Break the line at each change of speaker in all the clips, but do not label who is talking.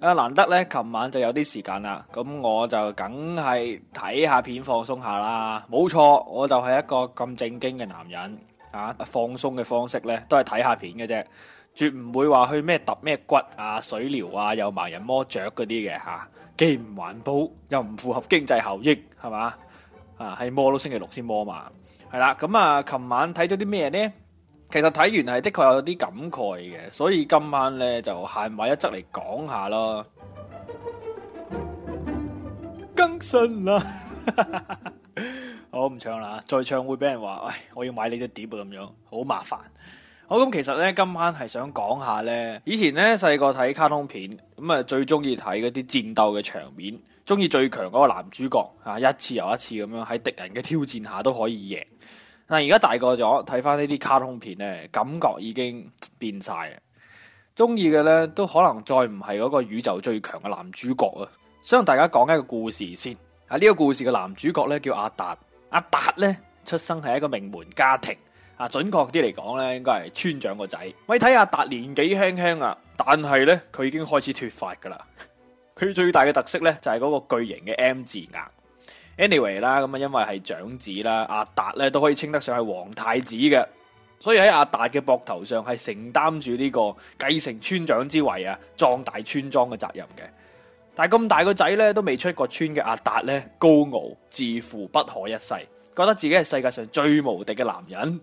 啊，難得呢，琴晚就有啲時間啦，咁我就梗係睇下片放鬆下啦。冇錯，我就係一個咁正經嘅男人啊，放鬆嘅方式呢，都係睇下片嘅啫，絕唔會話去咩揼咩骨啊、水療啊、又盲人摸雀嗰啲嘅吓，既唔環保又唔符合經濟效益，係嘛？啊，係摸到星期六先摸嘛，係啦。咁啊，琴晚睇咗啲咩呢？其實睇完係的確有啲感慨嘅，所以今晚呢就閒話一則嚟講一下咯。更新啦，我 唔唱啦，再唱會俾人話，唉，我要買你隻碟咁樣，好麻煩。好，咁，其實呢，今晚係想講一下呢以前呢細個睇卡通片，咁啊最中意睇嗰啲戰鬥嘅場面，中意最強嗰個男主角啊，一次又一次咁樣喺敵人嘅挑戰下都可以贏。嗱，而家大個咗，睇翻呢啲卡通片咧，感覺已經變晒。中意嘅咧，都可能再唔係嗰個宇宙最強嘅男主角啊！想同大家講一個故事先。啊，呢個故事嘅男主角咧叫阿達。阿達咧出生係一個名門家庭。啊，準確啲嚟講咧，應該係村長個仔。咪睇阿達年紀輕輕啊，但係咧佢已經開始脫髮噶啦。佢 最大嘅特色咧就係、是、嗰個巨型嘅 M 字額。anyway 啦，咁啊，因為係長子啦，阿達咧都可以稱得上係皇太子嘅，所以喺阿達嘅膊頭上係承擔住呢個繼承村長之位啊，壯大村莊嘅責任嘅。但係咁大個仔咧都未出過村嘅阿達咧，高傲自負不可一世，覺得自己係世界上最無敵嘅男人。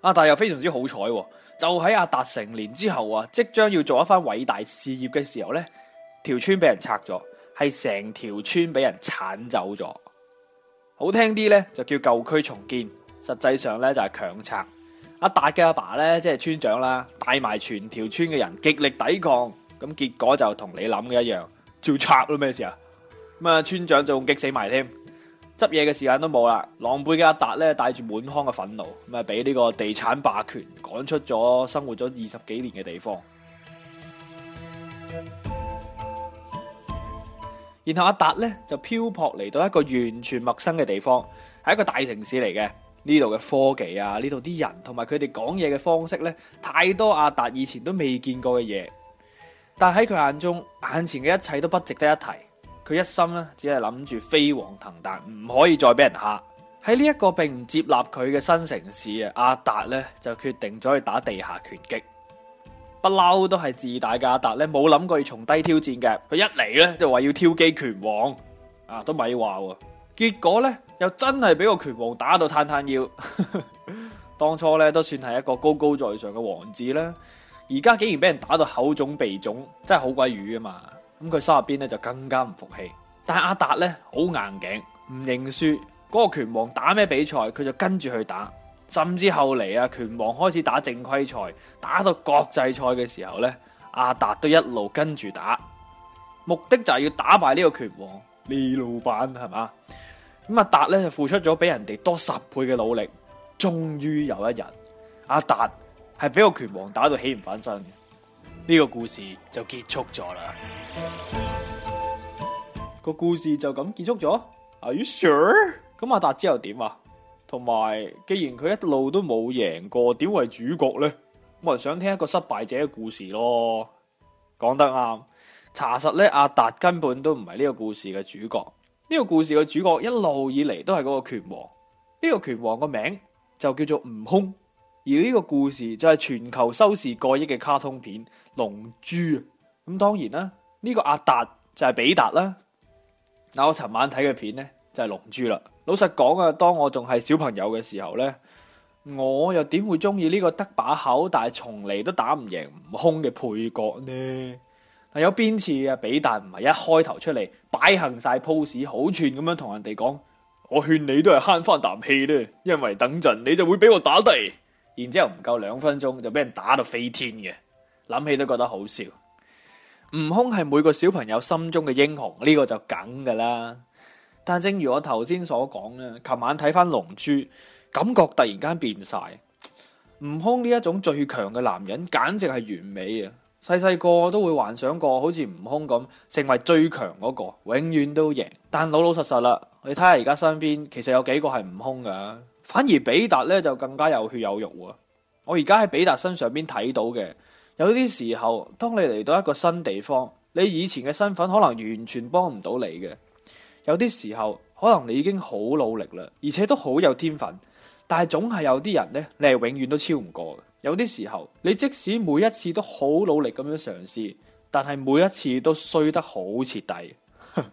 阿達又非常之好彩，就喺阿達成年之後啊，即將要做一番偉大事業嘅時候咧，條村俾人拆咗，係成條村俾人鏟走咗。好聽啲呢，就叫舊區重建，實際上呢，就係強拆。阿達嘅阿爸呢，即係村長啦，帶埋全條村嘅人極力抵抗，咁結果就同你諗嘅一樣，照拆咯，咩事啊？咁啊村長仲激死埋添，執嘢嘅時間都冇啦。狼狽嘅阿達呢，帶住滿腔嘅憤怒，咪俾呢個地產霸權趕出咗生活咗二十幾年嘅地方。然後阿達咧，就漂泊嚟到一個完全陌生嘅地方，係一個大城市嚟嘅。呢度嘅科技啊，呢度啲人同埋佢哋講嘢嘅方式咧，太多阿達以前都未見過嘅嘢。但喺佢眼中，眼前嘅一切都不值得一提。佢一心咧只係諗住飛黃騰達，唔可以再俾人嚇。喺呢一個並唔接納佢嘅新城市啊，阿達咧就決定咗去打地下拳擊。不嬲都係自大嘅阿達咧，冇諗過要從低挑戰嘅。佢一嚟咧就話要挑機拳王啊，都咪話喎。結果咧又真係俾個拳王打到攤攤腰。 當初咧都算係一個高高在上嘅王子啦，而家竟然俾人打到口腫鼻腫，真係好鬼瘀啊嘛。咁佢心入邊咧就更加唔服氣。但係阿達咧好硬頸，唔認輸。嗰個拳王打咩比賽，佢就跟住去打。甚至後嚟啊，拳王開始打正規賽，打到國際賽嘅時候咧，阿達都一路跟住打，目的就係要打敗呢個拳王李老闆，係嘛？咁阿達咧就付出咗比人哋多十倍嘅努力，終於有一日，阿達係俾個拳王打到起唔翻身，呢、這個故事就結束咗啦。個 故事就咁結束咗？Are you sure？咁阿達之後點啊？同埋，既然佢一路都冇贏過，點為主角呢，我就想聽一個失敗者嘅故事咯。講得啱，查實咧，阿達根本都唔係呢個故事嘅主角。呢個故事嘅主角一路以嚟都係嗰個拳王。呢個拳王個名就叫做悟空，而呢個故事就係全球收視過億嘅卡通片《龍珠》啊。咁當然啦，呢個阿達就係比達啦。嗱，我尋晚睇嘅片咧就係《龍珠》啦。老實講啊，當我仲係小朋友嘅時候呢，我又點會中意呢個得把口，但係從嚟都打唔贏悟空嘅配角呢？嗱，有邊次啊，比達唔係一開頭出嚟擺行晒 pose，好串咁樣同人哋講，我勸你都係慳翻啖氣啦，因為等陣你就會俾我打低，然之後唔夠兩分鐘就俾人打到飛天嘅，諗起都覺得好笑。悟空係每個小朋友心中嘅英雄，呢個就梗噶啦。但正如我頭先所講咧，琴晚睇翻《龍珠》，感覺突然間變晒。悟空呢一種最強嘅男人，簡直係完美啊！細細個都會幻想過，好似悟空咁，成為最強嗰個，永遠都贏。但老老實實啦，你睇下而家身邊，其實有幾個係悟空噶，反而比達咧就更加有血有肉。我而家喺比達身上邊睇到嘅，有啲時候，當你嚟到一個新地方，你以前嘅身份可能完全幫唔到你嘅。有啲時候可能你已經好努力啦，而且都好有天分，但係總係有啲人呢，你係永遠都超唔過嘅。有啲時候你即使每一次都好努力咁樣嘗試，但係每一次都衰得好徹底。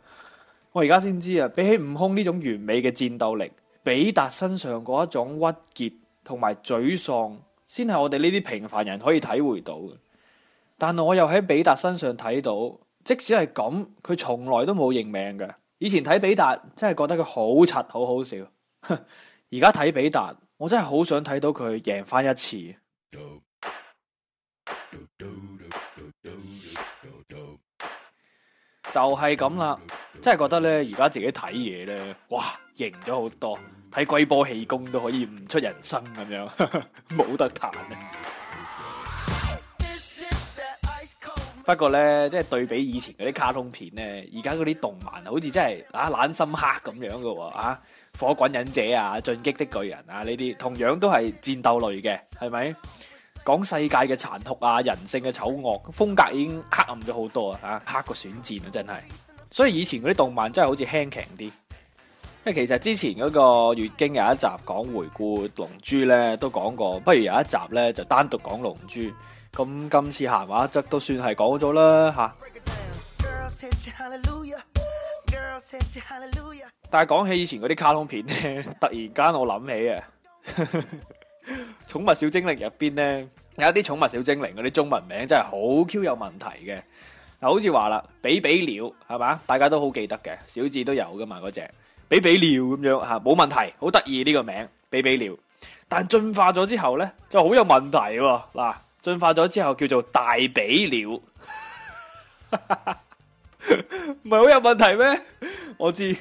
我而家先知啊，比起悟空呢種完美嘅戰鬥力，比達身上嗰一種鬱結同埋沮喪，先係我哋呢啲平凡人可以體會到嘅。但我又喺比達身上睇到，即使係咁，佢從來都冇認命嘅。以前睇比達真係覺得佢好柒，好好笑，而家睇比達我真係好想睇到佢贏翻一次。 就係咁啦，真係覺得呢。而家自己睇嘢呢，哇，型咗好多，睇龜波氣功都可以悟出人生咁樣，冇得彈啊。不過咧，即係對比以前嗰啲卡通片咧，而家嗰啲動漫好似真係啊懶深刻咁樣噶，啊，啊火滾忍者啊、進擊的巨人啊呢啲，同樣都係戰鬥類嘅，係咪？講世界嘅殘酷啊、人性嘅醜惡，風格已經黑暗咗好多啊，黑過選戰啊，真係。所以以前嗰啲動漫真係好似輕強啲。因為其實之前嗰個月經有一集講回顧龍珠咧，都講過，不如有一集咧就單獨講龍珠。咁今次閒話則都算係講咗啦吓。啊、但係講起以前嗰啲卡通片咧，突然間我諗起啊，寵 物小精靈入邊咧有一啲寵物小精靈嗰啲中文名真係好 Q 有問題嘅。嗱，好似話啦，比比鳥係嘛，大家都好記得嘅，小智都有噶嘛嗰隻，比比鳥咁樣吓，冇、啊、問題，好得意呢個名，比比鳥。但進化咗之後咧，就好有問題喎、啊、嗱。啊進化咗之後叫做大比鳥，唔係好有問題咩？我知，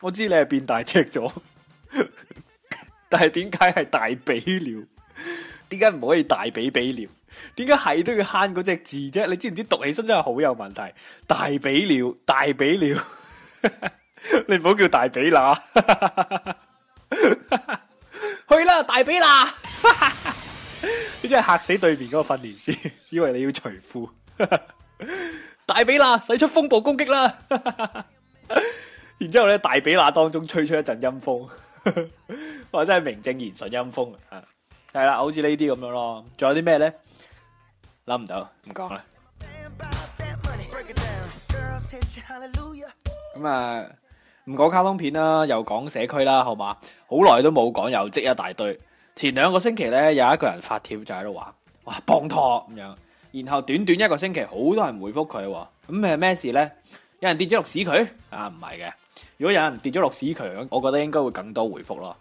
我知你係變大隻咗， 但係點解係大比鳥？點解唔可以大比比鳥？點解係都要慳嗰隻字啫？你知唔知讀起身真係好有問題？大比鳥，大比鳥，你唔好叫大比乸，去啦大比乸。你真係嚇死對面嗰個訓練師，以為你要除褲。大比那使出風暴攻擊啦，然之後咧，大比那當中吹出一陣陰風，或者係名正言順陰風啊，係啦，好似呢啲咁樣咯。仲有啲咩咧？諗唔到，唔講
啦。
咁啊，唔講卡通片啦，又講社區啦，好嘛？好耐都冇講，又積一大堆。前兩個星期咧，有一個人發貼就喺度話：哇，幫拖咁樣。然後短短一個星期，好多人回覆佢喎。咁係咩事呢？有人跌咗落屎渠啊？唔係嘅。如果有人跌咗落屎渠，我覺得應該會更多回覆咯。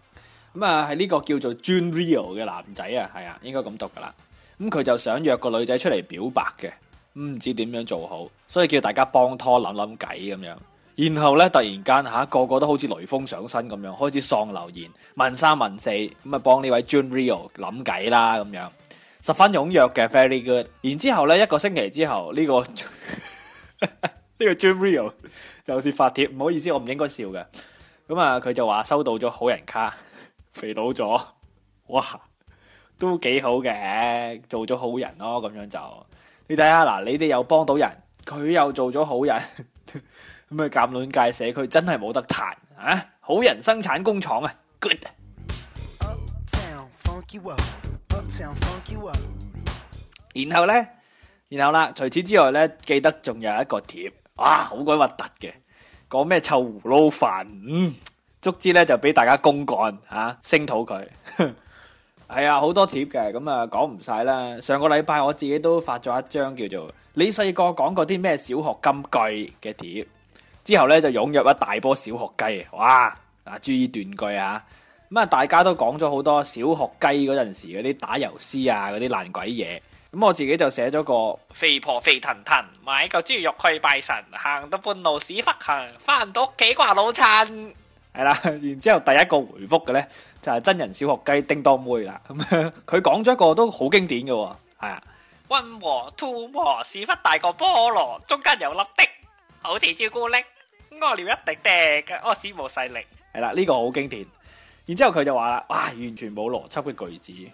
咁啊，係呢個叫做 June Real 嘅男仔啊，係啊，應該咁讀噶啦。咁佢就想約個女仔出嚟表白嘅，唔知點樣做好，所以叫大家幫拖諗諗計咁樣。然後咧，突然間吓、啊、個個都好似雷鋒上身咁樣，開始喪留言、問三問四，咁啊幫呢位 June r e a l 諗計啦咁樣，十分踊躍嘅 Very Good。然之後咧，一個星期之後呢、這個呢 個 June r e a l 就是發帖，唔好意思，我唔應該笑嘅。咁啊，佢就話收到咗好人卡，肥到咗，哇，都幾好嘅，做咗好人咯。咁樣就你睇下嗱，你哋、啊、又幫到人，佢又做咗好人。 咁啊！鑒卵界社區真係冇得彈啊！好人生產工廠啊，good。然後咧，然後啦，除此之外咧，記得仲有一個貼啊，好鬼核突嘅，講咩臭葫蘆飯，足之咧就俾大家公幹啊，聲討佢。係啊，好多貼嘅，咁啊講唔晒啦。上個禮拜我自己都發咗一張叫做你細個講過啲咩小學金句嘅貼。之後咧就湧入一大波小學雞，哇！啊，注意斷句啊！咁啊，大家都講咗好多小學雞嗰陣時嗰啲打油詩啊，嗰啲爛鬼嘢。咁我自己就寫咗個肥婆肥騰騰，買嚿豬肉去拜神，行到半路屎忽行，翻到屋企掛老襯，係啦。然之後第一個回覆嘅呢，就係、是、真人小學雞叮當妹啦。咁佢講咗一個都好經典嘅，係啊，One more two more 屎忽大過菠蘿，中間有粒的，好似朱古力。屙尿一滴滴嘅、啊、屙屎冇勢力，係啦，呢個好經典。然之後佢就話啦，哇，完全冇邏輯嘅句子，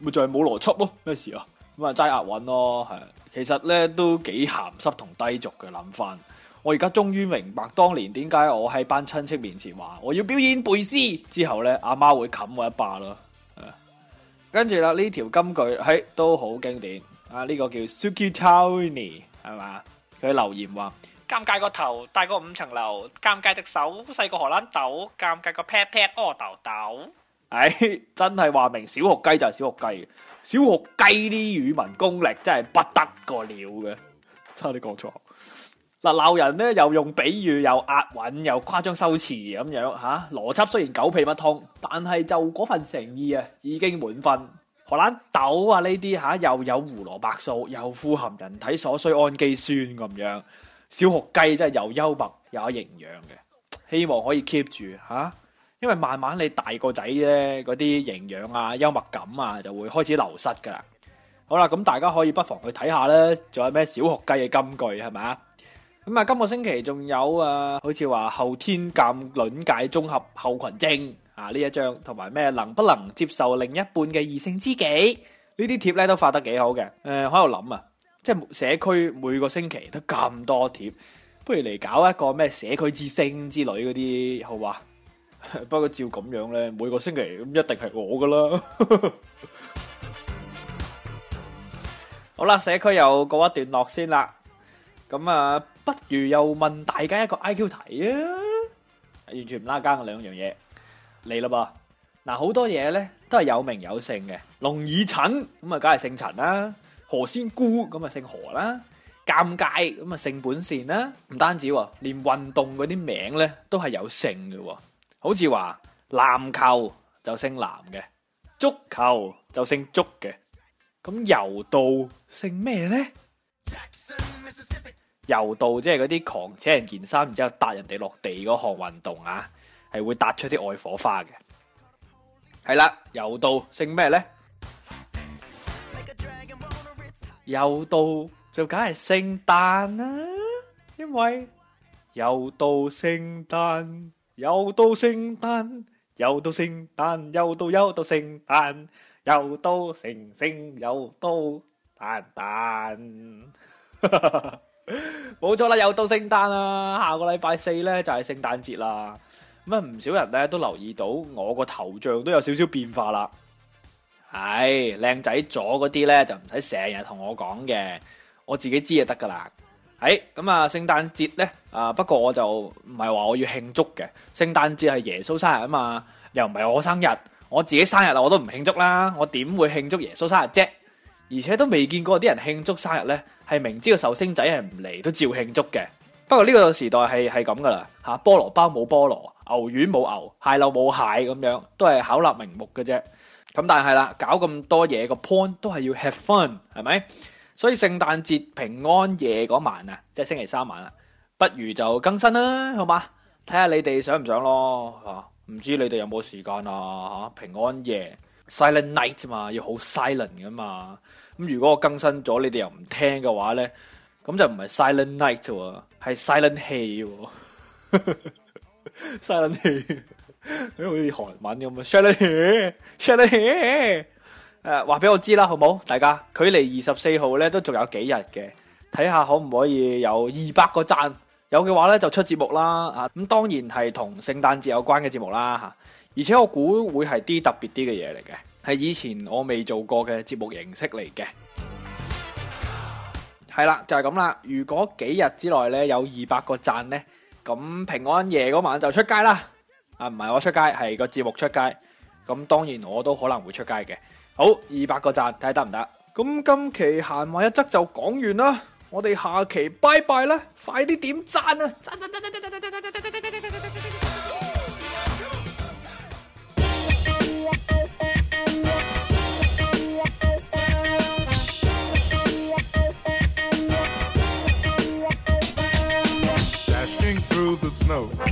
咪就係冇邏輯哦，咩事啊？咁啊，齋押韻咯，係，其實咧都幾鹹濕同低俗嘅諗法。我而家終於明白當年點解我喺班親戚面前話我要表演背詩，之後咧阿媽會冚我一巴咯。跟住啦呢條金句喺都好經典啊，呢、這個叫 Suki Tony 係嘛？佢留言話。尷尬個頭大過五層樓，尷尬隻手細過荷蘭豆，尷尬個 pat pat 屙豆豆。哎，真係話明小學雞就係小學雞啊！小學雞啲語文功力真係不得個了嘅，差啲講錯。嗱，鬧人咧又用比喻，又押韻，又誇張修辭咁樣吓。邏輯雖然狗屁不通，但係就嗰份誠意啊，已經滿分。荷蘭豆啊呢啲吓，又有胡蘿蔔素，又富含人體所需氨基酸咁樣。小學雞真係又幽默又有營養嘅，希望可以 keep 住吓、啊，因為慢慢你大個仔咧，嗰啲營養啊、幽默感啊，就會開始流失噶啦。好啦，咁大家可以不妨去睇下咧，仲有咩小學雞嘅金句係咪啊？咁啊，今、這個星期仲有啊，好似話後天感輪界綜合後群症啊呢一張，同埋咩能不能接受另一半嘅異性知己呢啲貼咧都發得幾好嘅，誒、呃，喺度諗啊。即係社區每個星期都咁多貼，不如嚟搞一個咩社區之星之類嗰啲好話 不過照咁樣咧，每個星期咁一定係我噶啦。 好啦，社區又告一段落先啦。咁啊，不如又問大家一個 I Q 題啊？完全唔拉更嘅兩樣嘢嚟啦噃。嗱，好多嘢咧都係有名有姓嘅，龍耳陳咁啊，梗係姓陳啦。何仙姑咁啊姓何啦，尷尬咁啊姓本善啦，唔單止連運動嗰啲名咧都係有姓嘅，好似話籃球就姓藍嘅，足球就姓足嘅，咁柔道姓咩咧？柔道即係嗰啲狂扯人件衫，然之後搭人哋落地嗰項運動啊，係會搭出啲愛火花嘅，係啦，柔道姓咩咧？又到就梗係聖誕啦，因為又到聖誕，又到聖誕，又到聖誕，又到又到聖誕，又到成聖又到誕誕，冇錯啦，又到聖誕啦，下個禮拜四咧就係聖誕節啦。咁啊，唔少人咧都留意到我個頭像都有少少變化啦。唉，靚仔咗嗰啲咧就唔使成日同我講嘅，我自己知就得噶啦。唉，咁啊，聖誕節咧啊，不過我就唔係話我要慶祝嘅。聖誕節係耶穌生日啊嘛，又唔係我生日，我自己生日啦，我都唔慶祝啦，我點會慶祝耶穌生日啫？而且都未見過啲人慶祝生日咧，係明知個壽星仔係唔嚟，都照慶祝嘅。不過呢個時代係係咁噶啦，吓，菠蘿包冇菠蘿，牛丸冇牛，蟹柳冇蟹咁樣，都係巧立名目嘅啫。咁但係啦，搞咁多嘢個 point 都係要 have fun，係咪？所以聖誕節平安夜嗰晚啊，即係星期三晚啦，不如就更新啦，好嘛？睇下你哋想唔想咯吓？唔、啊、知你哋有冇時間啊吓、啊？平安夜 silent night 嘛，要好 silent 噶嘛？咁如果我更新咗，你哋又唔聽嘅話咧，咁就唔係 silent、hey、 silent night、hey、喎，係 silent 氣喎，silent 氣。 好似韓文咁啊 Shall we hear？Shall we hear？誒，話俾我知啦，好冇？大家距離二十四號咧都仲有幾日嘅，睇下可唔可以有二百個讚？有嘅話咧就出節目啦啊！咁當然係同聖誕節有關嘅節目啦吓、啊，而且我估會係啲特別啲嘅嘢嚟嘅，係以前我未做過嘅節目形式嚟嘅。係啦， 就係咁啦。如果幾日之內咧有二百個讚咧，咁平安夜嗰晚就出街啦。啊，唔係我出街，係個節目出街。咁當然我都可能會出街嘅。好，二百個讚，睇下得唔得？咁今期閒話一則就講完啦。我哋下期拜拜啦，快啲點讚啊！